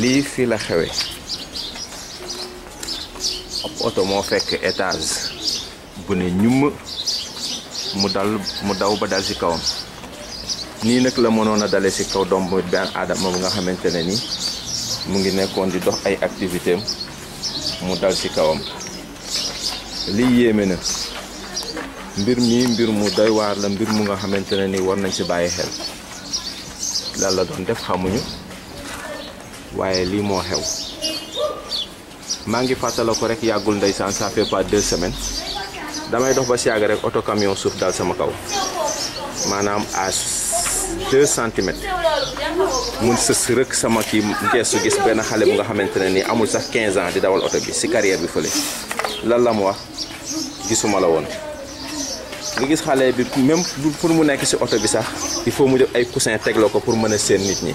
li fi la xewe ab mo moo fekk étage bu ne ñumm mu dal mu daw ba dal ci kawam nii nag la mënoon a ci kaw doom bi nga xamante ni mu ngi nekkoon di dox ay activité mu dal ci kawam li yéeme na mbir mi mbir mu doy waar la mbir mu nga xamante ne ni war nañ ci bàyyi xel lan la doon def xamuñu waaye lii moo xew maa ngi fàttala ko rek yàggul ndeysaan ça fait pas deux semaines damay dox ba si yàgg rek oto camion suuf daal sama kaw maanaam à deux centimètres mun sës rëkk sama kii geestu gis benn xale bu nga xamante ne nii amul sax quinze ans di dawal oto bi si carrière bi fële lan la mu wax gisuma la woon nga gis xale bi même pour mu nekk si oto bi sax il faut mu def ay coussin tegloo ko pour mën a seen nit ñi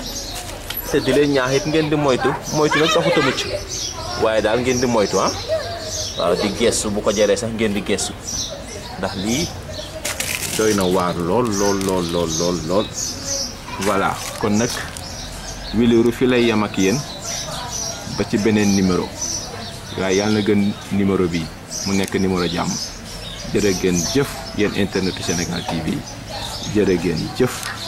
te di leen ñaax it ngeen di moytu moytu nag taxut a mucc waaye daal ngeen di moytu ah waaw di gestu bu ko jaree sax ngeen di gestu ndax lii doy na lol lol. lool lool lool lool lool voilà kon nag wiliru fi lay yam ak yéen ba ci beneen numéro waaye yàlla gën numéro bi mu nekk numéro jàmm jërë ngeen jëf yéen internetu sénégal tv jërë ngeen jëf